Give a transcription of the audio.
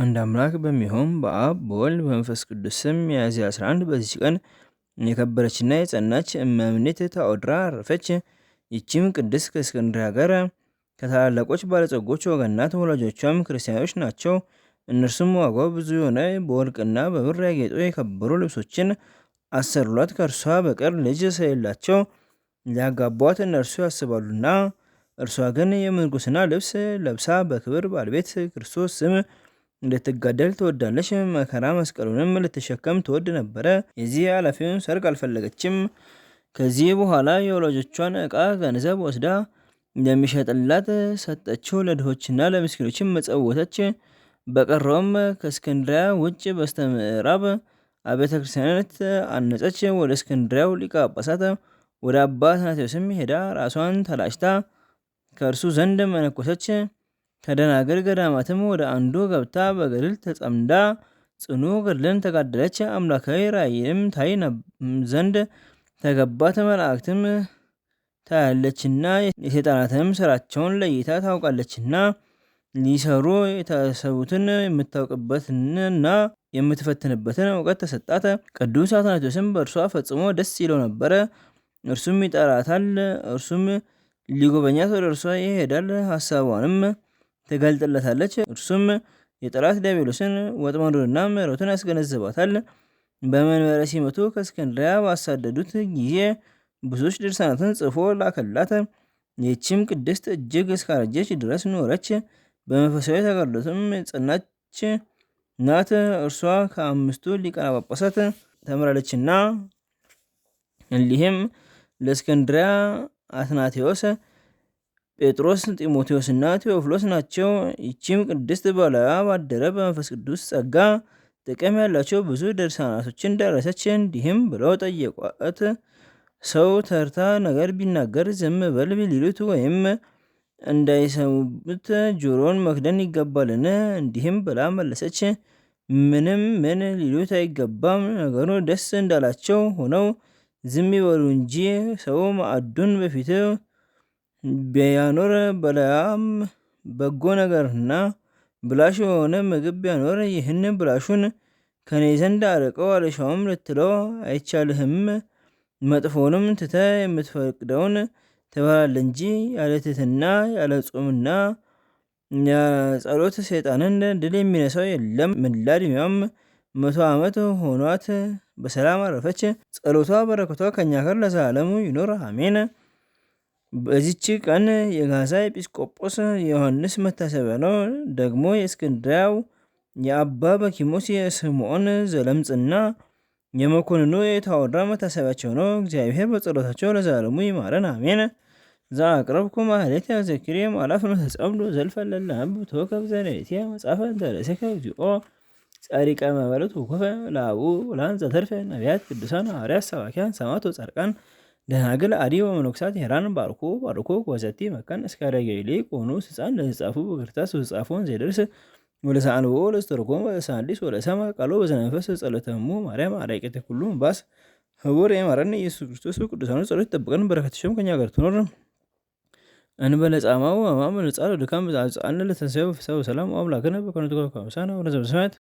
አንድ አምላክ በሚሆን በአብ በወልድ በመንፈስ ቅዱስ ስም ሚያዝያ 11 በዚች ቀን የከበረችና የጸናች እመምኔት ታኦድራ አረፈች። ይቺም ቅድስት ከእስክንድርያ ሀገር ከታላላቆች ባለጸጎች ወገናት ወላጆቿም ክርስቲያኖች ናቸው። እነርሱም ዋጋው ብዙ የሆነ በወርቅና በብር ያጌጡ የከበሩ ልብሶችን አሰሩላት። ከእርሷ በቀር ልጅ ስለሌላቸው ሊያጋቧት እነርሱ ያስባሉና፣ እርሷ ግን የምንኩስና ልብስ ለብሳ በክብር ባለቤት ክርስቶስ ስም እንድትጋደል ትወዳለች። መከራ መስቀሉንም ልትሸከም ትወድ ነበረ። የዚህ ኃላፊውን ሰርግ አልፈለገችም። ከዚህ በኋላ የወላጆቿን ዕቃ ገንዘብ ወስዳ እንደሚሸጥላት ሰጠችው። ለድሆችና ለምስኪኖችም መጸወተች። በቀረውም ከእስክንድሪያ ውጭ በስተ ምዕራብ አብያተ ክርስቲያናት አነጸች። ወደ እስክንድሪያው ሊቀ ጳጳሳት ወደ አባ ትናቴዎስም ሄዳ ራሷን ተላጭታ ከእርሱ ዘንድ መነኮሰች። ከደናግል ገዳማትም ወደ አንዱ ገብታ በገድል ተጸምዳ ጽኑ ገድልን ተጋደለች። አምላካዊ ራእይም ታይ ዘንድ ተገባት። መላእክትም ታያለችና የሰይጣናትንም ስራቸውን ለይታ ታውቃለችና ሊሰሩ የታሰቡትን የምታውቅበትንና የምትፈትንበትን እውቀት ተሰጣት። ቅዱስ አትናቴዎስም በእርሷ ፈጽሞ ደስ ይለው ነበረ። እርሱም ይጠራታል፣ እርሱም ሊጎበኛት ወደ እርሷ ይሄዳል። ሀሳቧንም ትገልጥለታለች። እርሱም የጠላት ዲያብሎስን ወጥመዱንና ምሕረቱን ያስገነዝባታል። በመንበረ ሲመቱ ከእስክንድርያ ባሳደዱት ጊዜ ብዙዎች ድርሳናትን ጽፎ ላከላት። ይህችም ቅድስት እጅግ እስካረጀች ድረስ ኖረች። በመንፈሳዊ ተጋድሎትም ጸናች ናት። እርሷ ከአምስቱ ሊቃነ ጳጳሳት ተምራለችና እሊህም ለእስክንድሪያ አትናቴዎስ ጴጥሮስ፣ ጢሞቴዎስና ቴዎፍሎስ ናቸው። ይቺም ቅድስት በላያ ባደረ በመንፈስ ቅዱስ ጸጋ ጥቅም ያላቸው ብዙ ድርሳናቶችን ደረሰች። እንዲህም ብለው ጠየቋት፣ ሰው ተርታ ነገር ቢናገር ዝም በል ቢሉት ወይም እንዳይሰሙት ጆሮን መክደን ይገባልን? እንዲህም ብላ መለሰች፣ ምንም ምን ሊሉት አይገባም። ነገሩ ደስ እንዳላቸው ሆነው ዝም ይበሉ እንጂ ሰው ማዕዱን በፊት ቢያኖር በላያም በጎ ነገርና ብላሽ የሆነ ምግብ ቢያኖር ይህን ብላሹን ከኔ ዘንድ አርቀው አልሻውም ልትለው አይቻልህም። መጥፎንም ትተ የምትፈቅደውን ትበላለህ እንጂ ያለ ያለ ጾምና ጸሎት ሰይጣንን ድል የሚነሳው የለም። መላ መቶ ዓመት ሆኗት በሰላም አረፈች። ጸሎቷ በረከቷ ከእኛ ጋር ለዘላለሙ ይኖር አሜን። በዚች ቀን የጋዛ ኤጲስቆጶስ ዮሐንስ መታሰቢያ ነው። ደግሞ የእስክንድሪያው የአባ በኪሞስ የስምዖን ዘለምጽና የመኮንኑ የታወራ መታሰቢያቸው ነው። እግዚአብሔር በጸሎታቸው ለዛለሙ ይማረን፣ አሜን። ዘአቅረብኩ ማህሌት ዘኪርየ ማላፍ ተጸምዶ ዘልፈለላ ብቶ ከብዘለቴ መጻፈ ደረሰከ እግዚኦ ጸሪቀ መበለት ኮፈ ላቡ ላን ዘተርፈ ነቢያት ቅዱሳን ሐዋርያት ሰባኪያን ሰማዕታት ጻድቃን ደናግል አዲ በመነኮሳት ሄራን ባርኮ ባርኮ ወሰቲ መከን እስከ ረገይሌ ቆኑ ስፃን ለተጻፉ በክርታስ ወጻፎን ዘደርስ ወደ ሰአልቦ ለስተርጎም ወደ ሳዲስ ቃሎ በዘነፈስ ጸሎተሙ ማርያም አራቂተ ሁሉም ባስ ህቡር የማረን ኢየሱስ ክርስቶስ ቅዱሳኑ ጸሎት ጠብቀን በረከትሽም ከኛ ጋር ትኖር እንበለ ጻማው አማም ንጻር ድካም ጻአን ለተሰብ ሰው ሰላም አምላክነ በኮነቱ ከሳና ወረዘብ ዘብሰማት